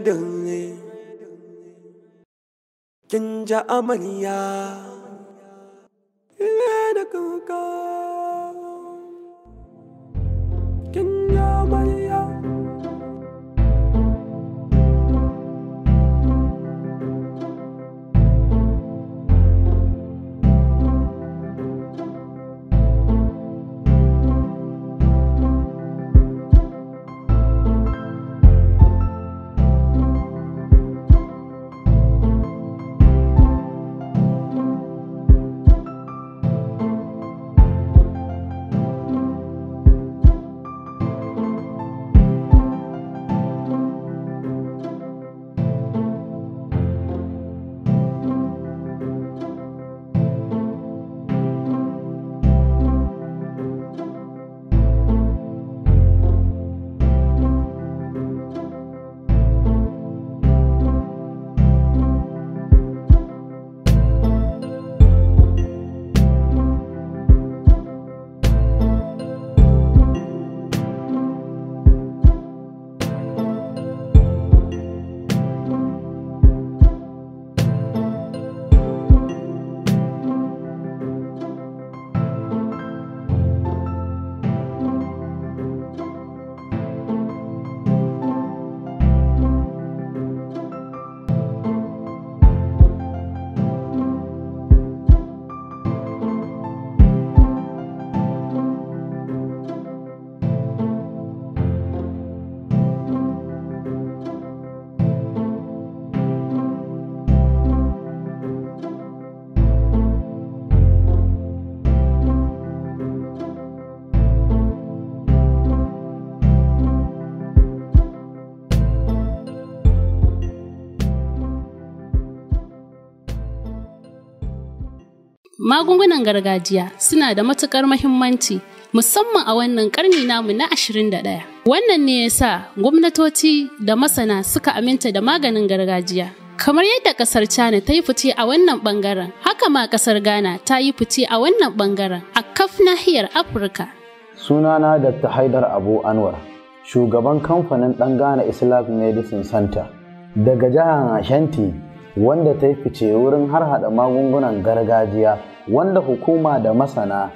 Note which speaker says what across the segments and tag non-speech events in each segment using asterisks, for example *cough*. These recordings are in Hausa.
Speaker 1: dunne
Speaker 2: kin ja amarya le da kuka
Speaker 1: magungunan gargajiya suna da matukar muhimmanci musamman a wannan karni namu na 21. Wannan ne ya sa gwamnatoci da masana suka aminta da maganin gargajiya. Kamar yadda ƙasar China ta yi fice a wannan ɓangaren, haka ma ƙasar Ghana ta yi fice a wannan ɓangaren a kaf nahiyar Afirka.
Speaker 3: Sunana Dr. Haidar Abu Anwar, shugaban kamfanin ɗan Ghana Islam Medicine Center daga jihar Ashanti wanda ta yi fice wurin har hada magungunan gargajiya wanda hukuma da masana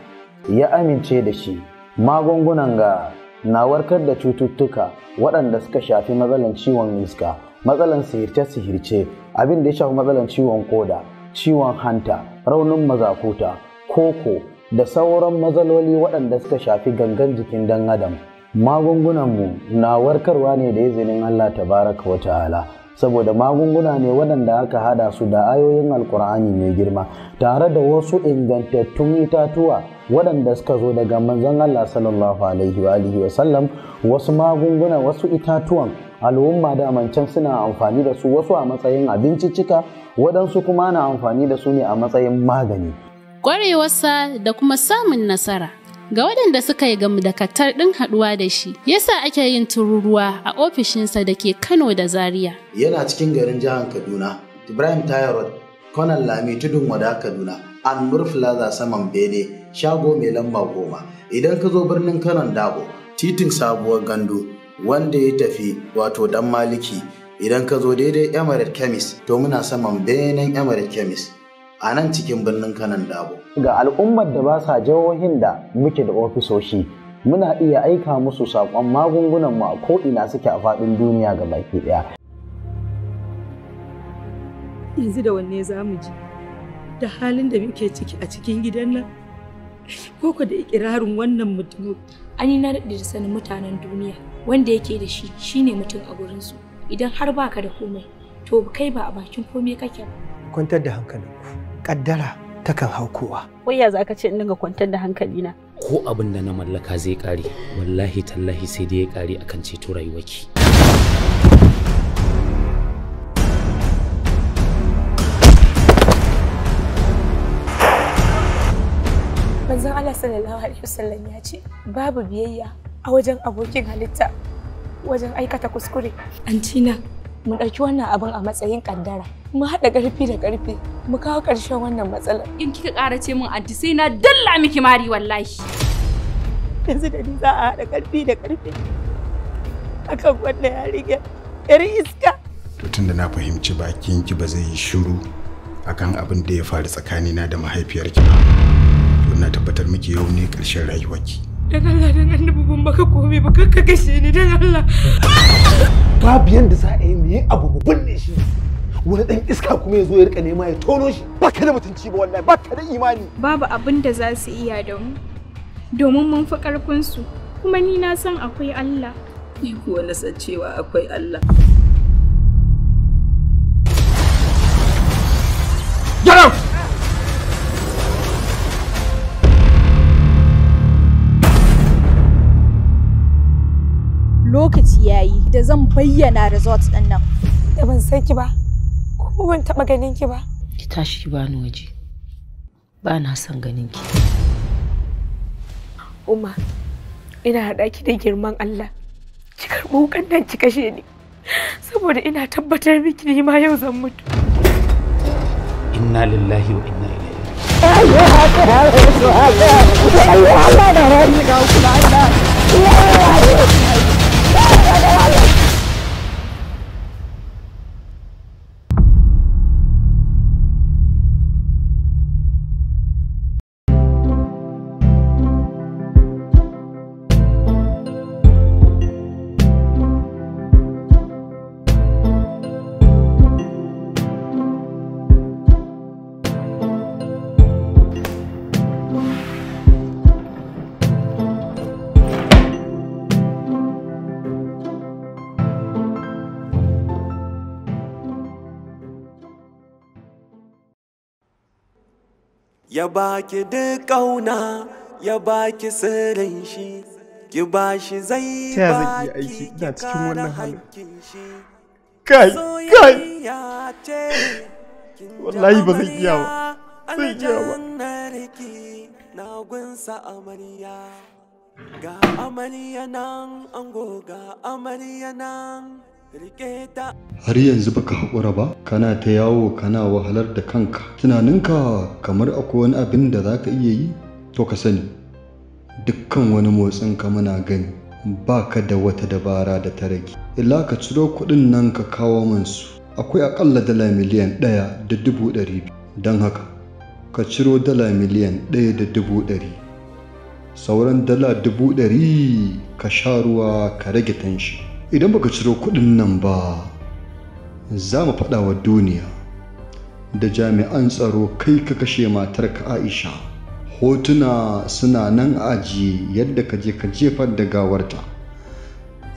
Speaker 3: ya amince da shi magungunan ga na warkar da cututtuka waɗanda suka shafi matsalan ciwon iska matsalan sihirce-sihirce abin da ya shafi matsalan ciwon koda ciwon hanta raunin mazakuta koko da sauran matsaloli waɗanda suka shafi gangan jikin dan adam magungunanmu na warkarwa ne da izinin allah tabaraka wa ta'ala saboda magunguna ne waɗanda aka hada su da ayoyin alkur'ani mai girma tare da wasu ingantattun itatuwa waɗanda suka zo daga manzon Allah sallallahu alaihi wa alihi wa sallam wasu magunguna wasu itatuwan al'umma da mancan suna amfani da su wasu a matsayin abinciccika waɗansu kuma na amfani da su ne a matsayin magani
Speaker 4: ƙwarewarsa da kuma samun
Speaker 1: nasara ga waɗanda suka yi gamu da katar ɗin haɗuwa da shi yasa ake yin tururuwa a ofishinsa da ke Kano da Zaria.
Speaker 3: Yana cikin garin jihar Kaduna, Ibrahim Tayarod, Konan Lami Tudun Wada Kaduna, an murfila saman Bene, shago mai lamba goma. Idan ka zo birnin Kano Dabo, titin sabuwar gandu, wanda ya tafi wato dan maliki. Idan ka zo daidai Emirate Chemist, to muna saman benen Emirate Chemist. a nan cikin birnin kanan dabo. Ga al'ummar da ba sa jihohin da muke da ofisoshi muna iya aika musu saƙon magungunan mu a ko'ina suke a faɗin duniya ga baki ɗaya.
Speaker 5: Yanzu da wanne za mu ji da halin da muke ciki a cikin gidan nan ko da ikirarin wannan mutum. Ani na daɗe da sanin mutanen duniya wanda yake da shi shine mutum a gurinsu idan har baka da komai to kai ba a bakin komai kake ba.
Speaker 2: Kwantar da hankalinku. kaddara takan hau kowa.
Speaker 5: Waya za ka ce in dinga kwantar da hankali na.
Speaker 6: Ko abin da na mallaka zai kare, wallahi tallahi sai dai ya kare akan ceto rayuwarki.
Speaker 5: Manzon Allah sallallahu alaihi wasallam ya ce babu biyayya a wajen abokin halitta wajen aikata kuskure. Antina, mu ɗauki wannan abin a matsayin kaddara mu haɗa ƙarfi da ƙarfi mu kawo ƙarshen wannan matsalar in kika ƙara ce min anti sai na dalla miki mari wallahi
Speaker 1: yanzu da ni za a haɗa ƙarfi da ƙarfi akan wannan yarinya yar iska
Speaker 2: tun da na fahimci ki ba zai yi shiru akan abin da ya faru tsakanina da mahaifiyarki ba to na tabbatar miki
Speaker 7: yau ne ƙarshen rayuwarki
Speaker 1: Dan Allah dan annabi ban baka komai ba kakka kashe ni dan Allah.
Speaker 2: Babu yanda za a yi mu yi abu mu binne shi. Wani dan iska kuma ya zo ya rika nema ya tono shi. Baka da mutunci ba wallahi baka
Speaker 5: da imani. Babu abin da za su iya da mu. Domin mun fi karfin su kuma ni na san akwai Allah. Ni kuwa na san cewa akwai Allah. lokaci yayi da zan bayyana results ɗin nan. Da ban san ki ba, ko ban taɓa ganin ki ba.
Speaker 1: Ki tashi ba ni waje. Ba na son ganin ki.
Speaker 5: Umma, ina haɗa ki da girman Allah. Ki karɓi nan ki kashe ni. Saboda ina tabbatar miki ni ma yau zan mutu.
Speaker 6: Inna lillahi wa inna ilaihi
Speaker 4: Allah
Speaker 2: ya baki da ƙauna ya baki sirrin shi ki shi zai baki ki ina cikin
Speaker 7: wannan kai kai wallahi ba zai iya ba
Speaker 6: zan iya ba na gunsa amarya ga
Speaker 7: amarya nan ango ga amarya nan har yanzu baka haƙura ba kana ta yawo kana wahalar da kanka tunaninka kamar akwai wani abin da za ka iya yi to ka sani dukkan wani motsin ka muna gani ba ka da wata dabara da ta rage illa ka ciro kuɗin nan ka kawo man su akwai aƙalla dala miliyan ɗaya da dubu ɗari don haka ka ciro dala miliyan ɗaya da dubu ɗari sauran dala dubu ɗari ka sha ruwa ka rage tanshi idan baka ciro kuɗin nan ba za mu faɗa wa duniya da jami'an tsaro kai ka kashe matar ka aisha hotuna suna nan aji yadda ka je ka jefar da gawarta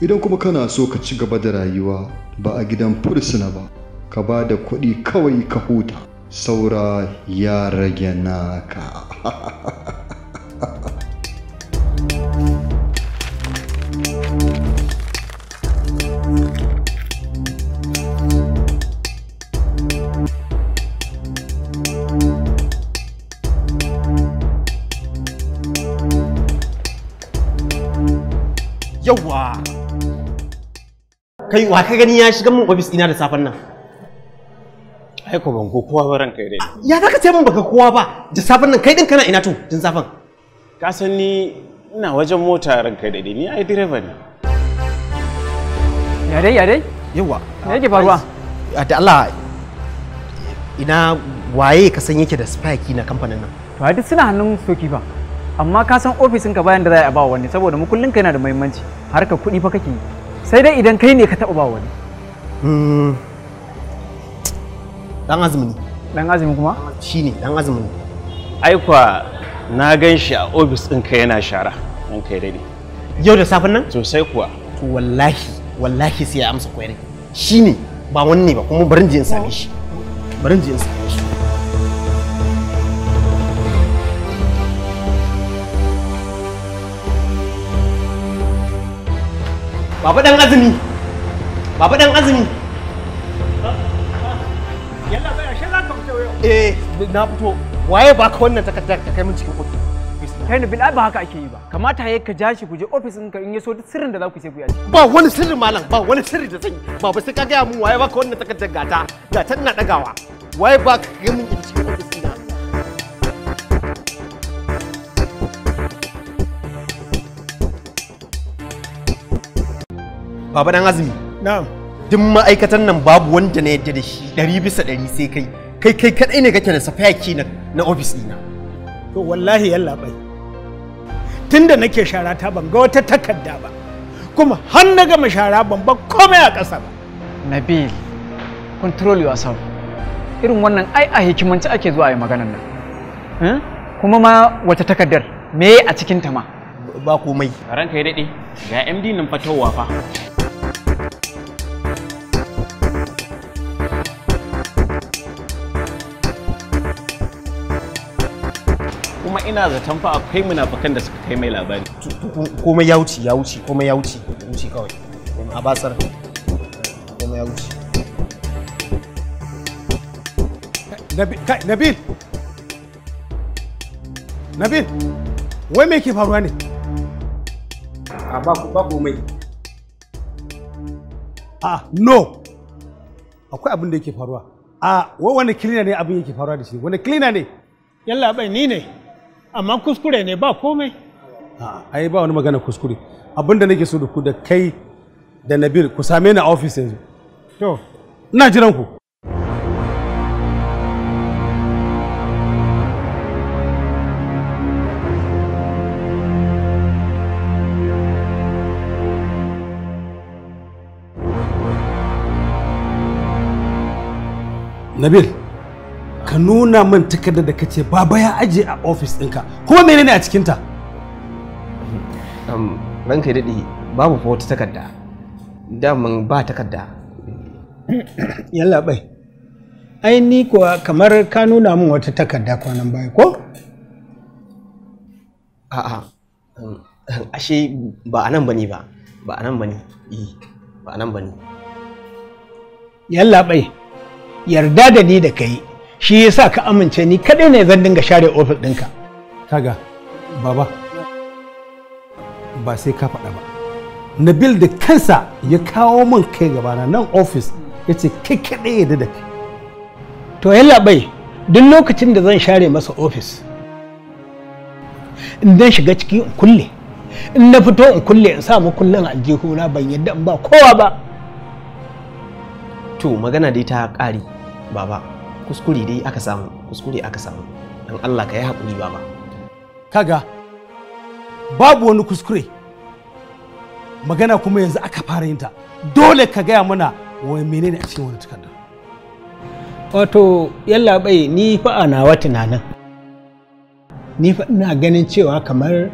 Speaker 7: idan kuma kana so ka ci gaba da rayuwa ba a gidan fursuna ba ka ba da kuɗi kawai ka huta saura ya rage naka *laughs*
Speaker 2: yawa Kai wa ka gani ya shiga min ofis ina da safen nan? Ai ko ban ko kowa ba ranka dai. Ah, ya zaka ce min baka kowa ba da safen nan kai din kana ina to tun safen? Ka san ni ina wajen mota ranka dai ni ai direba ne. Ya dai ya dai? yawa Me yake faruwa? Ah, da Allah ina waye ka san yake da spike na kamfanin nan? To ai duk suna hannun soki ba. amma
Speaker 8: ka san ofisin ka bayan da za a ba wani saboda mu kullun kai yana da muhimmanci ka kuɗi fa kake sai dai idan kai ne ka taɓa ba wani
Speaker 2: hmm. dan azumi dan azumi kuma shine dan azumi ai kwa na gan shi a ofis ɗin ka yana shara in kai dai yau da safin nan sosai kuwa to wallahi wallahi sai ya amsa shi ne ba wani ne ba kuma barin je in same shi barin je in same shi Baba dan azumi. Baba dan azumi. Yalla bai ashe za ka fito yau. Eh, na fito. Waye ka wannan takardar ka kai min cikin kotu? Kai ni bil ba haka ake yi ba. Kamata yayi ka jashi ku je office ɗinka in so duk sirrin da za ku sai ku yi. Ba wani sirri malam, ba wani sirri da zan yi. Baba sai ka ga mun waye ka wannan takardar gata. Gata ina dagawa. Waye baka kai min in Baba dan azumi. Na'am. Duk ma'aikatan nan babu wanda na yadda da shi ɗari bisa ɗari sai kai. Kai kai kaɗai ne kake da safaki na na ofis ɗina. To wallahi yalla bai. Tunda nake shara ta ban ga wata takarda ba. Kuma har na gama shara ban
Speaker 8: ba komai a ƙasa ba. Nabil, control yourself. Irin wannan ai a hikimanci ake zuwa a yi maganar nan. Hmm? Kuma ma wata takardar me
Speaker 2: a cikin ta ma. Ba komai. Ranka ya daɗe ga MD nan fatowa fa. ina zaton fa akwai munafukan da suka kai mai labari komai ya wuce ya wuce komai ya wuce wuce kawai a basar komai ya wuce nabil nabil wai me ke faruwa ne a ba ba komai a no akwai abin da yake faruwa a wai wani kilina ne abin yake faruwa da shi wani kilina ne yalla bai ni ne amma kuskure ne ba komai ai ba wani magana kuskure abinda nake so da ku da kai da nabil ku same ni a ofis yanzu to ina jiran ku nabil ka nuna min takardar da kace baba ya aje a ofis ɗinka kuma menene a cikinta um, ranka ya daɗi babu fa wata takarda daman ba takarda *coughs* yalla bai ai ni kuwa kamar ka nuna min wata takarda kwanan baya ko a'a ashe ba anan bane ba ba anan bane ba e, anan bane yalla bai yarda da ni da kai shi yasa ka amince ni kadai ne zan dinga share ofis ɗinka. kaga baba ba sai ka faɗa ba nabil da kansa ya kawo min kai gabana nan ofis ya ce kai kadai ya da kai to yalla bai duk lokacin da zan share masa ofis in dan shiga ciki in kulle in na fito in kulle in sa kullun na ban yadda in ba kowa ba to magana dai ta ƙari baba kuskure dai aka samu kuskure aka samu dan Allah ka yi haƙuri baba kaga babu wani kuskure magana kuma yanzu aka fara yinta dole ka gaya mana wai menene a cikin wani takarda wato yalla bai ni fa a nawa tunanin ni fa ina ganin cewa kamar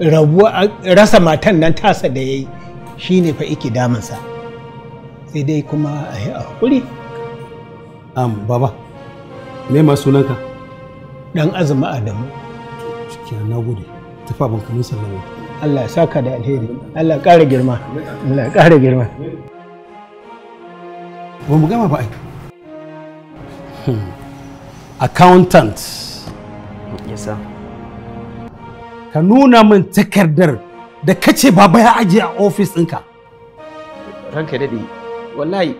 Speaker 2: rabuwa rasa matan nan tasa da yayi shine fa iki damansa sai dai kuma a yi a hakuri am baba, me ma sunanka? Dan azumi Adamu. Cikiya na gode. Tafi abin kamun sallama. Allah ya saka da alheri. Allah ya ƙara girma. Allah ya ƙara girma. Ba mu gama ba ai. Hmm. Accountant. Yes, sir. Ka nuna min takardar da kace baba ya ajiye a ofis ɗinka. Ranka daɗe, wallahi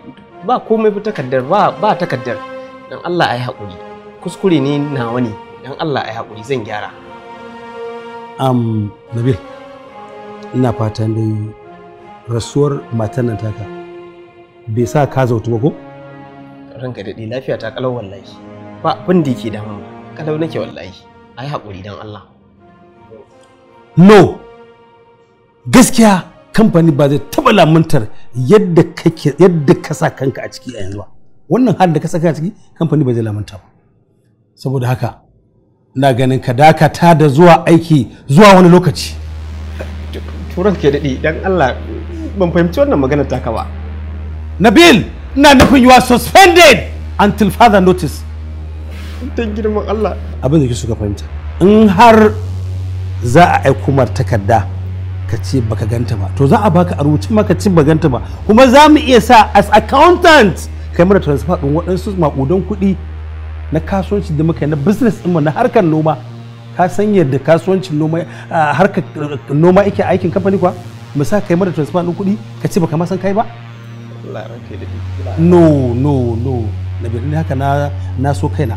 Speaker 2: ba komai ba takardar ba ba takardar dan Allah ai haƙuri kuskure ne nawa ne dan Allah ai haƙuri zan gyara am Nabil ina fatan dai rasuwar matan nan taka bai sa ka zautu ba ko ranka daɗe lafiya ta kalau wallahi ba abin da yake damu kalau nake wallahi ai haƙuri dan Allah no gaskiya kamfani ba zai taɓa lamuntar yadda kake yadda ka sa kanka a ciki a yanzu ba wannan halin da ka saka a ciki kamfani ba zai lamunta ba saboda haka na ganin ka dakata da zuwa aiki zuwa wani lokaci turan ke daɗi dan Allah ban fahimci wannan maganar taka ba Nabil ina nufin you are suspended until further notice ta girman Allah abin da ke suka fahimta in har za a aiko mar takarda ka ce baka ganta ba to za a baka a rubuce maka ce ba ganta ba kuma za mu iya sa as accountant kai mana transfer din waɗansu makudan kuɗi na kasuwanci da muka yi na business din mu na harkar noma ka san yadda kasuwancin noma harkar uh, noma yake aikin kamfani kuwa mu sa kai mana transfer din kuɗi ka ce baka ma san kai ba no no no na haka na so kaina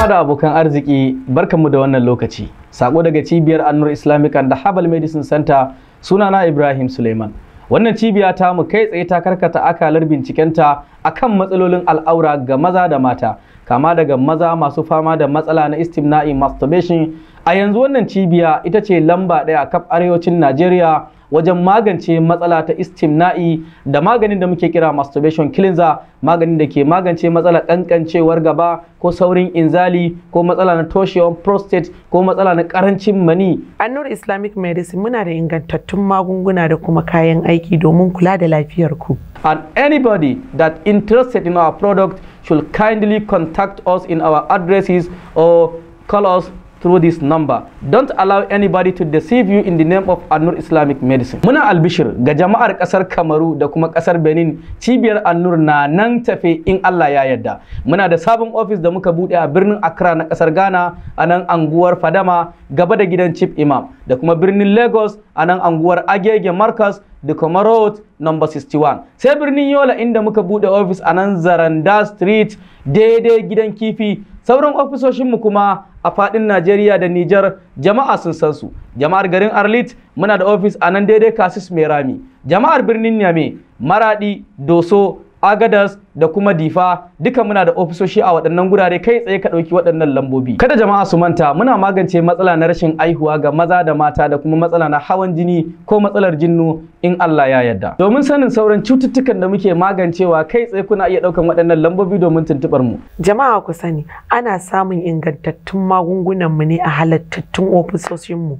Speaker 8: uwa da abokan arziki barkanmu da wannan lokaci. Sako daga cibiyar Annur Islamic and Habal Medicine Center sunana Ibrahim Suleiman. Wannan cibiya ta mu kai tsaye ta karkata akalar bincikenta akan matsalolin al'aura ga maza da mata, kama daga maza masu fama da matsala na istimna'i masturbation. A yanzu wannan cibiya ita ce lamba ɗaya a kaf arewacin Najeriya wajen magance matsala ta istimna'i da maganin da muke kira masturbation cleanser maganin da ke magance matsalar kankancewar gaba ko saurin inzali ko matsala na toshewar prostate ko matsala na karancin mani
Speaker 1: annur islamic medicine muna da ingantattun magunguna da kuma kayan aiki domin kula da lafiyar ku
Speaker 8: and anybody that interested in our product should kindly contact us in our addresses or call us through this number don't allow anybody to deceive you in the name of annur islamic medicine muna albishir ga jama'ar kasar kamaru da kuma kasar benin cibiyar annur na nan tafe in allah ya yarda muna da sabon ofis da muka bude a birnin accra na kasar ghana a nan anguwar fadama gaba da gidan chief imam da kuma birnin lagos a nan anguwar agege marcus the kuma road number 61 sai birnin yola inda muka bude ofis a nan zaranda street daidai gidan kifi sauran ofisoshinmu kuma a fadin Najeriya da Nijar jama'a sun san su jama'ar garin Arlit muna da ofis a nan daidai Kasis Merami jama'ar birnin Niamey Maradi Doso agadas da kuma difa duka muna da ofisoshi a waɗannan gurare kai tsaye ka ɗauki waɗannan lambobi kada jama'a su manta muna magance matsala na rashin aihuwa ga maza da mata da kuma matsala na hawan jini ko matsalar jinnu in Allah ya yarda domin sanin sauran cututtukan da muke magancewa kai tsaye kuna iya ɗaukan waɗannan lambobi domin tuntuɓar mu jama'a ku sani ana samun ingantattun magungunan
Speaker 1: mu ne a halattattun ofisoshin mu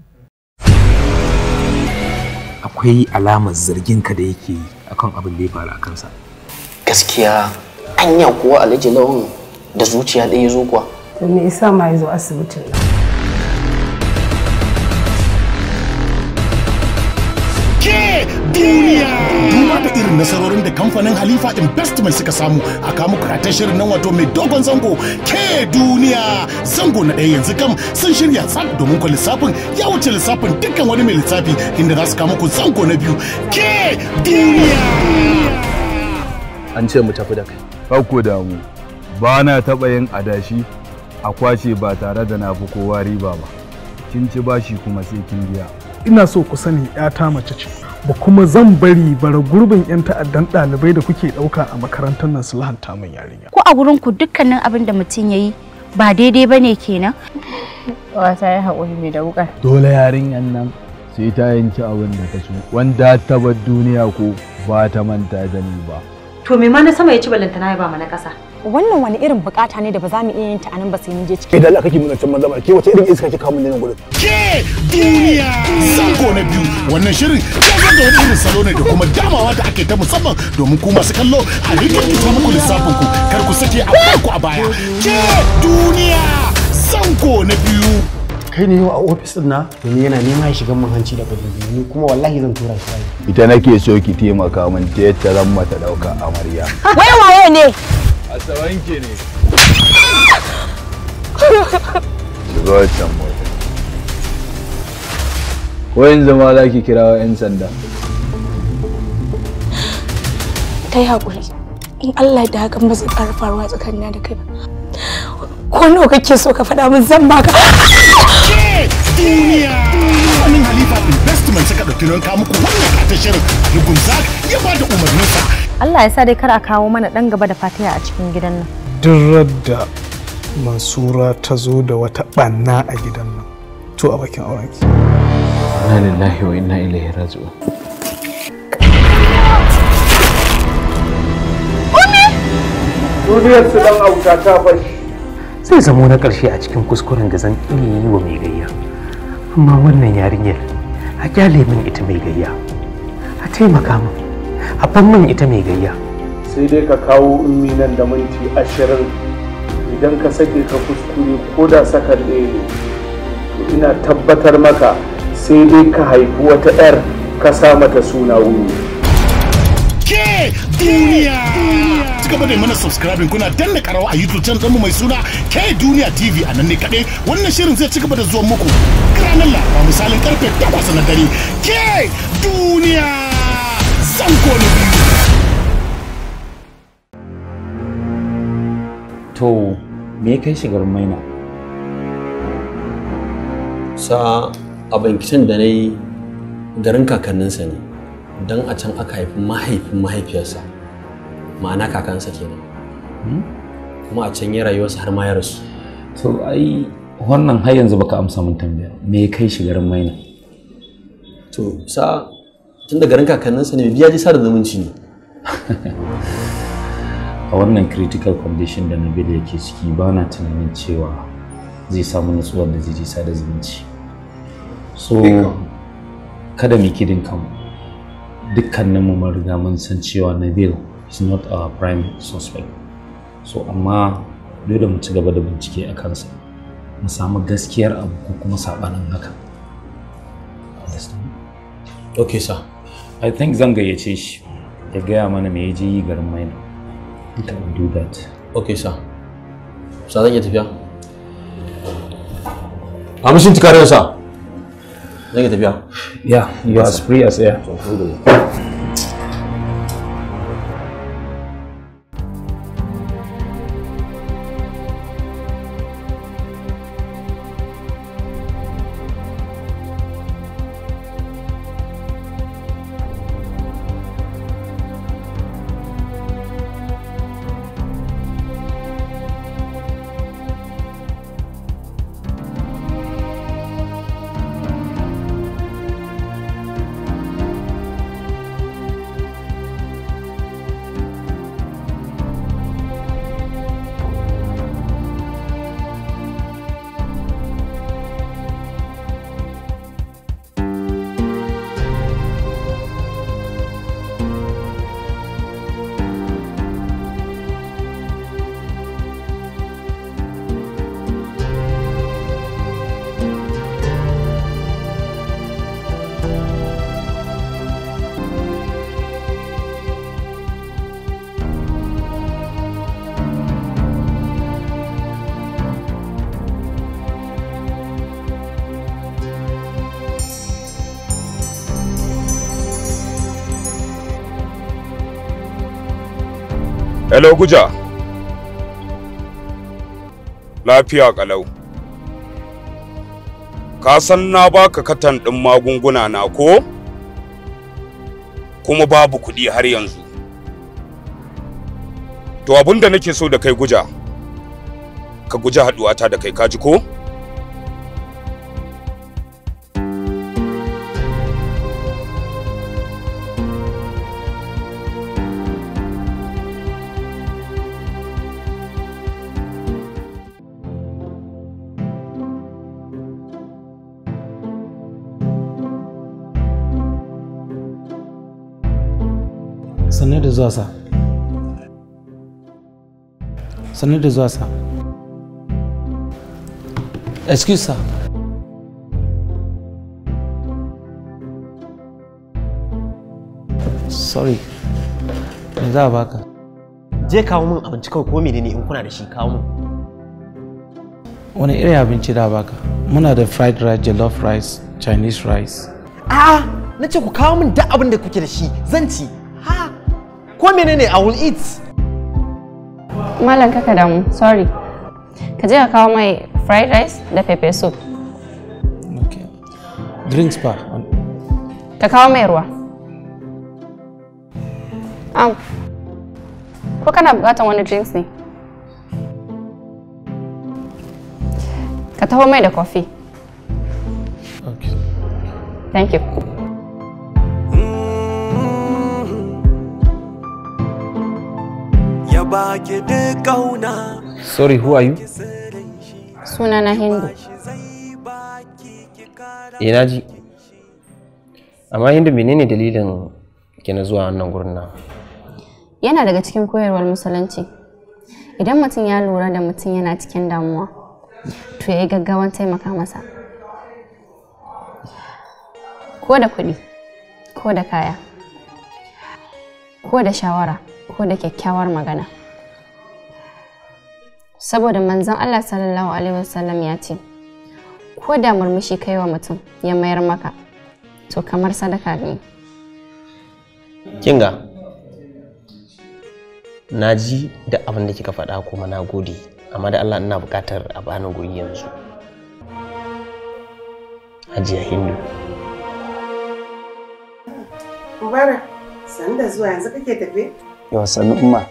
Speaker 8: akwai
Speaker 2: alamar zargin ka da yake akan abin da ya faru a kansa gaskiya anya kuwa alhaji lawan da zuciya ɗaya zo kuwa
Speaker 1: to me yasa ma yazo asibitin nan
Speaker 2: ke duniya duba da irin nasarorin da kamfanin halifa investment suka samu a kamu a shirin nan wato mai dogon zango ke duniya zango na ɗaya yanzu kam sun shirya tsab domin ku lissafin ya wuce lissafin dukkan wani mai lissafi inda za su kamu ku zango na biyu ke duniya
Speaker 7: an ce mu tafi da kai da damu ba na taɓa yin adashi a kwashe ba tare da na fi kowa riba ba kin ci bashi kuma sai kin biya
Speaker 2: ina so ku sani ta mace ce ba kuma zan bari bara gurbin 'yan ta'addan ɗalibai da kuke ɗauka a makarantar nan su lahanta
Speaker 7: min yarinya
Speaker 4: ko a gurin ku dukkanin abin da mutum ya yi ba daidai ba ne kenan
Speaker 5: wata ya haƙuri mai da wukar
Speaker 7: dole yarinyan nan sai ta yanki abin da ta so wanda ta bar duniya ko ba ta manta da ni ba
Speaker 5: To me ma na sama ya ci ballantana ya ba mana kasa. Wannan wani irin bukata ne da ba za mu iya yin ta anan ba sai mun je ciki.
Speaker 7: Idan Allah kake mun can manzama ke wace
Speaker 2: irin iska kika mun nan gurin? Ke duniya sako na biyu wannan shirin ya ga da wani irin salo ne da kuma damawa da ake ta musamman domin ku masu kallo a rikin ta muku lissafin ku kar ku sake a ku a baya. Ke duniya sanko na biyu. kai ne yau a ofis din na domin yana nema ya shiga mun hanci da kudi ni kuma wallahi zan tura
Speaker 7: shi ita nake so ki taimaka min ta yadda zan mata dauka amarya wai waye ne a tsawon ki ne *laughs* shigo wancan
Speaker 8: mota ko in zama za ki kira wa 'yan sanda
Speaker 5: kai hakuri in Allah da hakan ba zai ƙara faruwa tsakanina da kai ba ko nawa kake so ka faɗa min zan baka *laughs* duniya wani halifa
Speaker 2: investment suka ɗauki nan kawo muku wannan katon shirin lugumzak ya ba da umarninsa
Speaker 5: Allah ya sa dai kar a kawo mana ɗan gaba da fatiya a
Speaker 3: cikin gidan nan
Speaker 2: duk da mansura ta zo da wata ɓanna a gidan nan to a bakin auren ki. inna lillahi wa inna ilaihi raji'un
Speaker 6: duniyar su dan auta ta bashi. zai zamo na ƙarshe a cikin kuskuren da zan iya
Speaker 2: yi wa mai gayya amma wannan yarinyar a kyale min ita mai gayya a taimaka min a ban min ita mai gayya sai dai ka kawo ummi nan da minti ashirin idan ka sake ka kuskure ko da saka ɗaya ina tabbatar maka sai dai ka haifi wata ɗar ka sa mata suna wuni duniya ci gaba mana subscribe kuna danna karawa a youtube channel mu mai suna k duniya tv a nan ne kaɗai wannan shirin zai ci
Speaker 7: gaba da zuwa muku ranar lafa misalin karfe takwas na dare k duniya zan kone
Speaker 6: to me kai shigar maina
Speaker 7: sa abin bankitan da na yi garin kakanninsa ne don a can aka
Speaker 2: haifi mahaifin
Speaker 7: mahaifiyarsa ma'ana kakansa kenan
Speaker 6: hmm? kuma a can ya rayuwarsa har ma ya rasu to ai wannan har yanzu baka amsa mun tambaya me ya kai shi garin maina to
Speaker 7: sa tun da garin kakanninsa ne biya ji sa da zumunci ne *laughs*
Speaker 6: a wannan critical condition da nabil yake ciki ba na tunanin cewa zai samu nutsuwar da zai ji sa da zumunci so kada mu kidin kanmu dukkanin mu mun riga mun san cewa Nabil is not our prime suspect so amma dole mu ci gaba da bincike a kansa mu samu gaskiyar abu ko kuma sabanin haka okay sir i think zan gayyace shi ya gaya mana me yaje yi garin maina i can do
Speaker 7: that okay sir sa zan iya tafiya a mishin tikarin sa zai tafiya
Speaker 6: ya you are free as air Hello Guja. Lafiya kalau. Ka san na baka katan din magunguna na ko? Kuma babu kudi har yanzu. To abinda nake so da kai Guja. Ka guji haɗuwata da kai kaji ko? zuwa sa sannu da zuwa sa excuse sir
Speaker 2: sorry me za a baka je kawo min abinci kawai ko menene in kuna da shi kawo min wani irin
Speaker 6: abinci da baka muna
Speaker 2: da fried rice jollof rice chinese rice a'a na ce ku kawo min duk abin da kuke da shi zan ci ko menene I will eat.
Speaker 4: Malam kaka damu, sorry. Ka je ka kawo mai fried rice da pepper soup.
Speaker 2: Okay. Drinks pa.
Speaker 4: Ka kawo mai ruwa. Am. Ko kana bukatan wani drinks ne? Ka taho mai da coffee. Okay. Thank you.
Speaker 2: Sorry, who are you?
Speaker 4: na Hindu.
Speaker 2: Eh, na ji. Amma Hindu menene dalilin ki na zuwa wannan gurin na.
Speaker 4: Yana daga cikin koyarwar musulunci. Idan mutum ya lura da mutum yana cikin damuwa, to ya yi gaggawan taimaka masa. Ko da kuɗi, ko da kaya, ko da shawara, ko da kyakkyawar magana. saboda manzon Allah sallallahu alaihi wasallam ya ce ko da murmushi kai wa mutum ya mayar maka to kamar sadaka ne
Speaker 2: kinga na ji da abin da kika faɗa kuma na gode amma da Allah ina buƙatar a bani guri yanzu
Speaker 1: hajiya hindu mubarak sanda zuwa yanzu kake tafe yawa sannu umma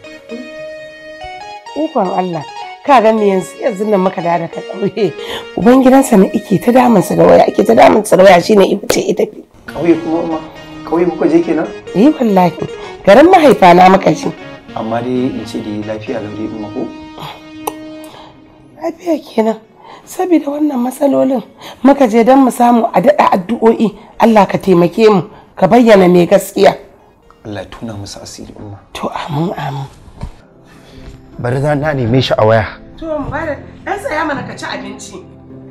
Speaker 1: ikon Allah ka ga me yanzu yanzu nan muka da ka kauye uban gidansa ne ike ta damun sa da waya ike ta damun sa da waya shine in ce ita fi
Speaker 2: ƙauye kuma ma ƙauye kuka je kenan
Speaker 1: eh wallahi garin mahaifa na muka je
Speaker 2: amma dai in ce da lafiya lauri
Speaker 1: in mako lafiya kenan saboda wannan matsalolin muka je don mu samu a daɗa addu'o'i Allah ka taimake mu ka bayyana mai gaskiya
Speaker 2: Allah tuna musu asiri umma to amin amin bari za na neme shi a waya
Speaker 1: to mubarak dan saya mana ka ci abinci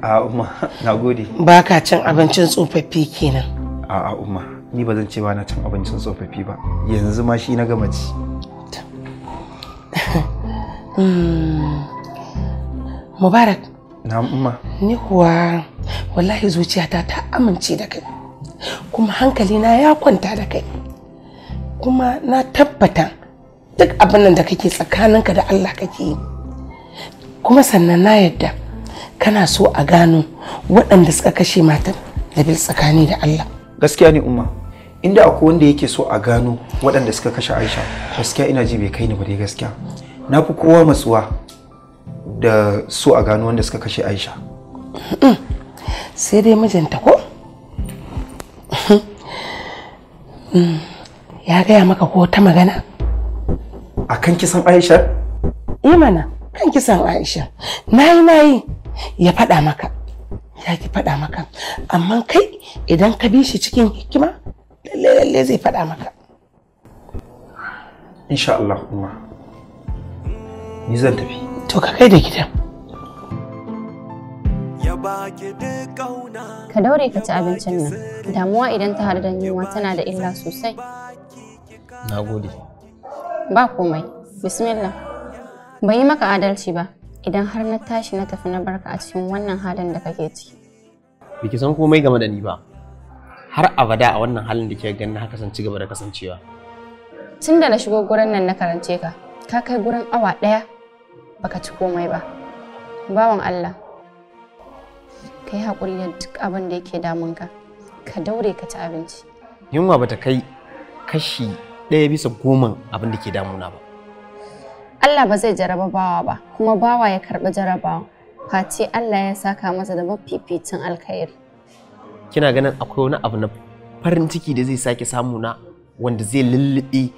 Speaker 2: a umma nagode ba ka cin abincin tsofaffi kenan a a umma ni ba zan ce ba na cin abincin tsofaffi ba yanzu ma shi na gama ci
Speaker 1: *laughs* hmm, mubarak na umma ni kuwa wallahi zuciyata ta amince da kai kuma hankalina ya kwanta da kai kuma na tabbata duk abin nan da kake tsakaninka da Allah kake yi kuma sannan na yadda kana so a gano waɗanda suka kashe matan da bil tsakani da Allah
Speaker 2: gaskiya ne umma inda akwai wanda yake so a gano waɗanda suka kashe Aisha gaskiya ina ji bai kai ni ba dai gaskiya na fi kowa matsuwa da so a gano wanda suka kashe Aisha
Speaker 1: sai dai mijinta ko mm-hmm. ya gaya maka ko ta magana
Speaker 2: A kan kisan Aisha?
Speaker 1: Imana, eh, kan kisan Aisha. Nayi nayi ya faɗa maka. Ya ki faɗa maka. Amma kai idan ka bi shi cikin hikima, lalle lalle zai faɗa maka.
Speaker 2: Insha Allah kuma. Ni zan tafi. To ka kai da
Speaker 4: gidan. Ka daure ka ci abincin nan. Damuwa idan ta haɗu da yunwa tana da illa sosai. Na gode. ba komai bismillah ban yi maka adalci ba idan har na tashi na tafi na barka a cikin wannan halin da kake ciki
Speaker 2: biki san komai game da ni ba har abada a wannan halin da kike ganin haka san gaba da kasancewa
Speaker 4: tun da na shigo gurin nan na karance ka ka kai gurin awa ɗaya baka ci komai ba bawan Allah kai hakuri da duk abin da yake damunka ka daure ka ci abinci
Speaker 2: yunwa bata kai kashi ɗaya bisa goma abin da ke damuna ba.
Speaker 4: Allah ba zai jaraba bawa ba, kuma bawa ya karɓi jarabawa. Fati Allah ya saka masa da mafificin alkhairi.
Speaker 2: Kina ganin akwai wani abu na farin ciki da zai sake samu na wanda zai lullube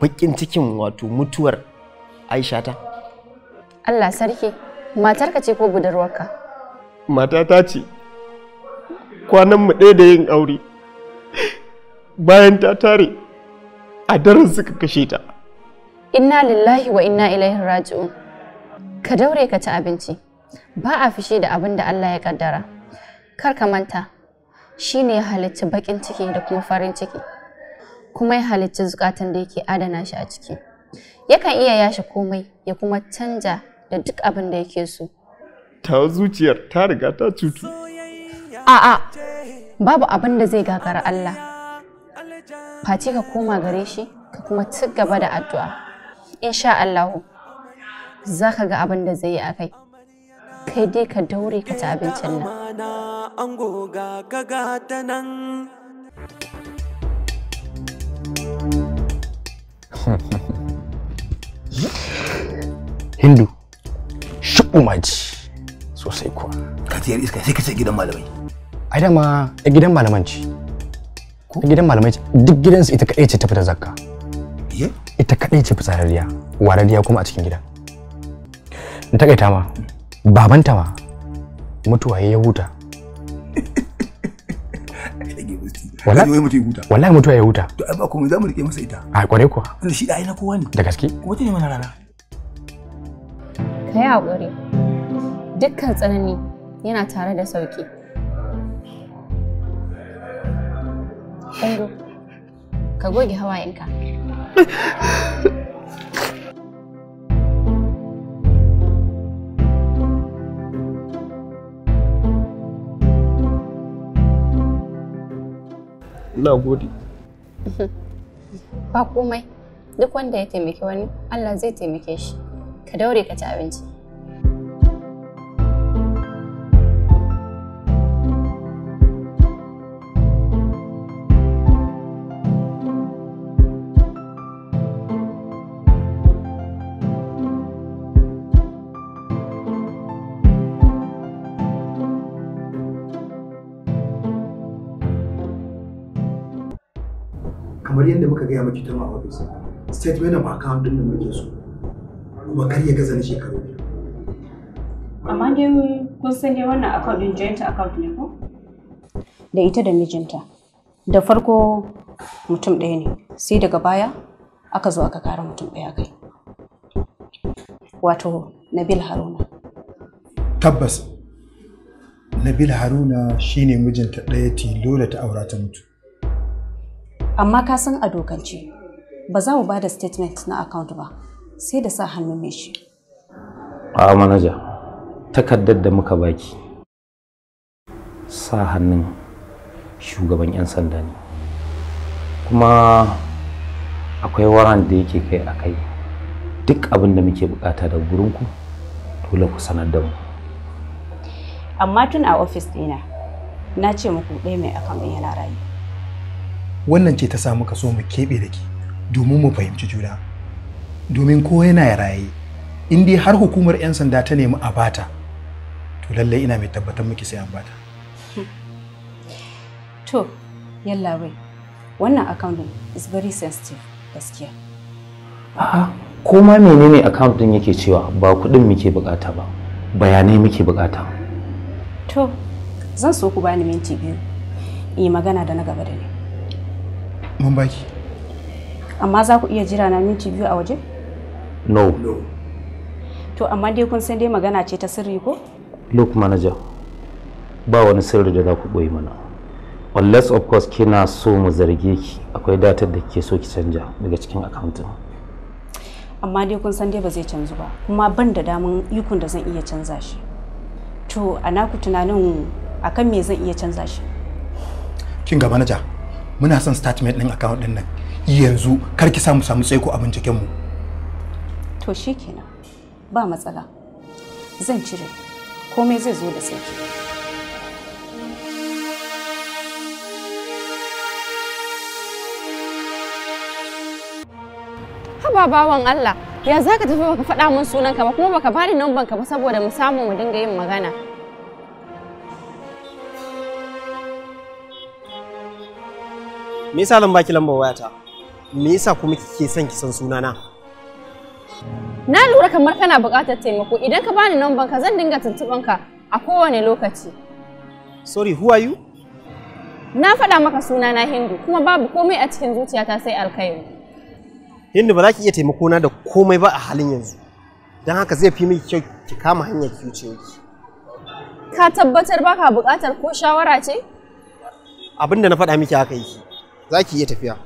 Speaker 2: bakin cikin wato mutuwar Aisha ta?
Speaker 4: Allah sarki, matarka ce ko budurwarka?
Speaker 2: Matata ce. Kwanan mu ɗaya da yin aure. Bayan ta tare. a daren suka kashe ta
Speaker 4: inna lillahi wa inna ilaihi raji'un ka daure ka ci abinci ba a fushi da abin da Allah ya kaddara kar ka manta shi ne ya halicci bakin ciki da kuma farin ciki kuma ya halicci zukatan da yake adana shi a ciki yakan iya yashi komai ya kuma canja da duk abin da yake so
Speaker 2: ta zuciyar ta riga ta cutu
Speaker 4: a'a babu abin da zai gagara Allah Fati ka koma gare shi ka kuma ci gaba da addu'a. Insha Allahu za ka ga abin da zai yi a kai. Kai dai ka daure ka ci abincin
Speaker 2: nan. Hindu, shubu maji sosai kuwa. Ka iska sai ka ce gidan malamai. Ai dama eh, gidan malaman ko gidan malamai duk gidansu ita kadai ce ta fita zakka ita kadai ce fitsararriya warariya kuma a cikin gida in takaita ma babanta ma mutuwa *laughs* ya huta wallahi mutuwa ya huta to ai ba komai zamu rike masa ita a kware kuwa tunda shi da ai na kowa ne da gaske wata ne mana rana
Speaker 4: kai hakuri dukkan tsanani yana tare da sauki Kundu, ka goge hawayenka. Ina gode. Ba komai, duk wanda ya taimaki wani, Allah zai taimake shi. Ka daure ka ci abinci.
Speaker 2: kamar yadda muka gaya maki tun a ofis statement of account din da muke so kuma kar ya gaza na shekaru
Speaker 5: amma dai kun san dai wannan account din joint account ne ko da ita da mijinta da farko mutum ɗaya ne sai daga baya aka zo aka kara mutum ɗaya kai wato nabil haruna
Speaker 2: tabbas nabil haruna shine mijinta ɗaya tilo da ta aura ta mutu
Speaker 5: amma ka san a dokance ba za mu ba da statement na account ba sai da sa hannu mai shi
Speaker 6: a manaja takardar da muka baki sa hannun shugaban 'yan sanda ne kuma akwai waran da yake kai a kai duk abin da muke
Speaker 2: bukata da gurinku dole ku sanar da mu
Speaker 5: amma tun a ofis dina na ce muku ɗaya mai akan yana rayu
Speaker 2: wannan ce ta samu muka so mu keɓe da ke domin mu fahimci juna domin ko yana raye in dai har hukumar 'yan sanda ta nemi a bata to lallai ina mai tabbatar miki sai an bata
Speaker 5: *laughs* to yalla bai wannan account din is very sensitive gaskiya
Speaker 6: a'a ko ma menene account din yake cewa ba kuɗin muke bukata ba bayanai muke bukata
Speaker 5: to zan so ku bani minti biyu yi magana da na gaba da ni mun baki amma za ku iya jira na minti biyu a waje no to amma dai kun san dai magana ce ta sirri ko
Speaker 6: look manager ba wani sirri da za ku boye mana unless of course kina so mu zarge ki akwai datar da ke so ki canja daga cikin accounting
Speaker 5: amma dai kun san dai ba zai canzu ba kuma ban da damun ikon da zan iya canza shi to a ku tunanin akan me zan iya canza shi
Speaker 2: kin ga manaja muna son statement ɗin account din nan yanzu kar ki samu samu tsaiko a binciken mu
Speaker 5: to shikenan ba matsala zan cire komai zai zo da sauki
Speaker 4: haba bawan Allah ya zaka tafi baka faɗa min sunanka ba kuma baka bani numban ka ba saboda mu samu mu dinga yin magana
Speaker 2: me yasa zan baki lambar wayata me yasa kuma kike son ki san sunana
Speaker 4: na lura kamar kana buƙatar taimako idan ka bani number ka zan dinga tuntuban ka a kowane lokaci
Speaker 2: sorry who are you
Speaker 4: na faɗa maka sunana hindu kuma babu komai a cikin zuciyata sai alkhairi
Speaker 2: hindu ba za ki iya taimako na da komai ba a halin yanzu don haka zai fi miki kyau ki kama hanyar ki wuce
Speaker 4: ka tabbatar baka buƙatar ko shawara ce
Speaker 2: Abinda na faɗa miki haka yi za ki iya tafiya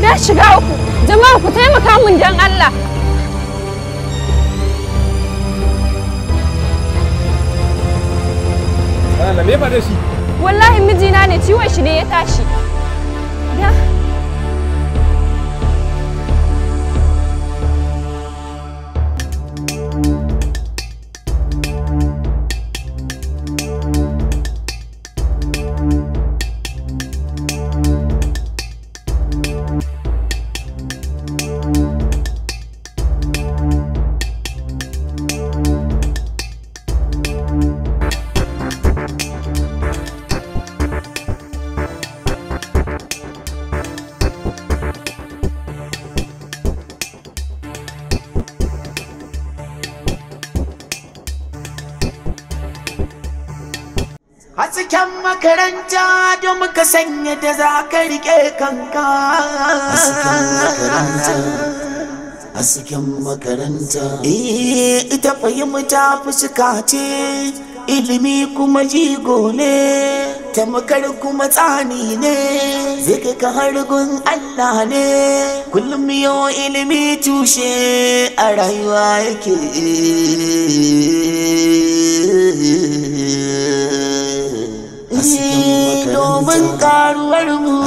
Speaker 4: na shiga uku jama'a ku taimaka mun don Allah
Speaker 2: Ana me ba da shi?
Speaker 4: Wallahi mijina ne ciwon shi ne ya tashi.
Speaker 1: yau muka sanya da za ka rike kanka a cikin makaranta eh, ita fahimta fuska ce ilimi kuma jigo ne Tamakar kuma tsani ne zika ka hargun Allah ne kullum yau ilimi tushe a rayuwa yake
Speaker 6: Eh, domin karuwar mu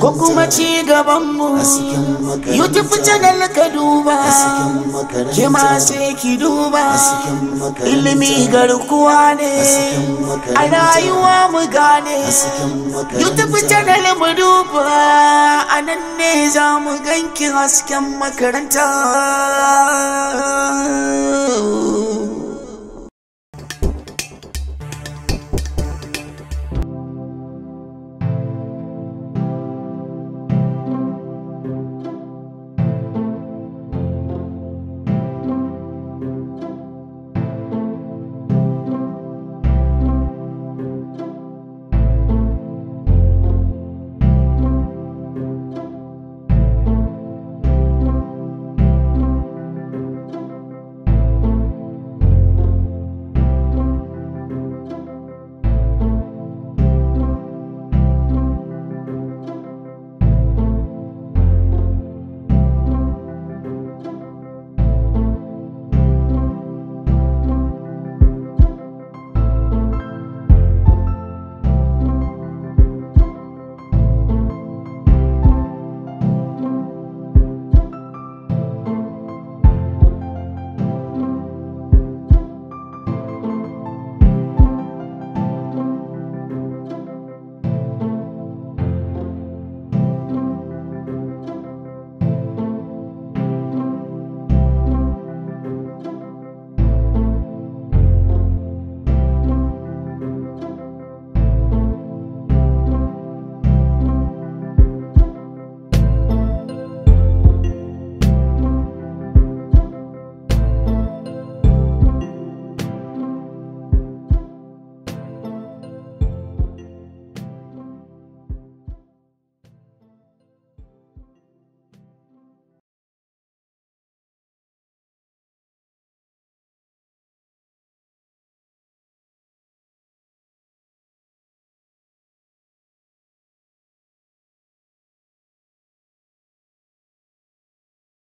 Speaker 7: ko kuma
Speaker 1: ci gaban mu youtube channel ka duba
Speaker 7: ki sai
Speaker 1: ki duba
Speaker 7: ilimi garkuwa ne a rayuwa
Speaker 1: mu gane youtube channel mu duba a nan ne za mu ganki hasken makaranta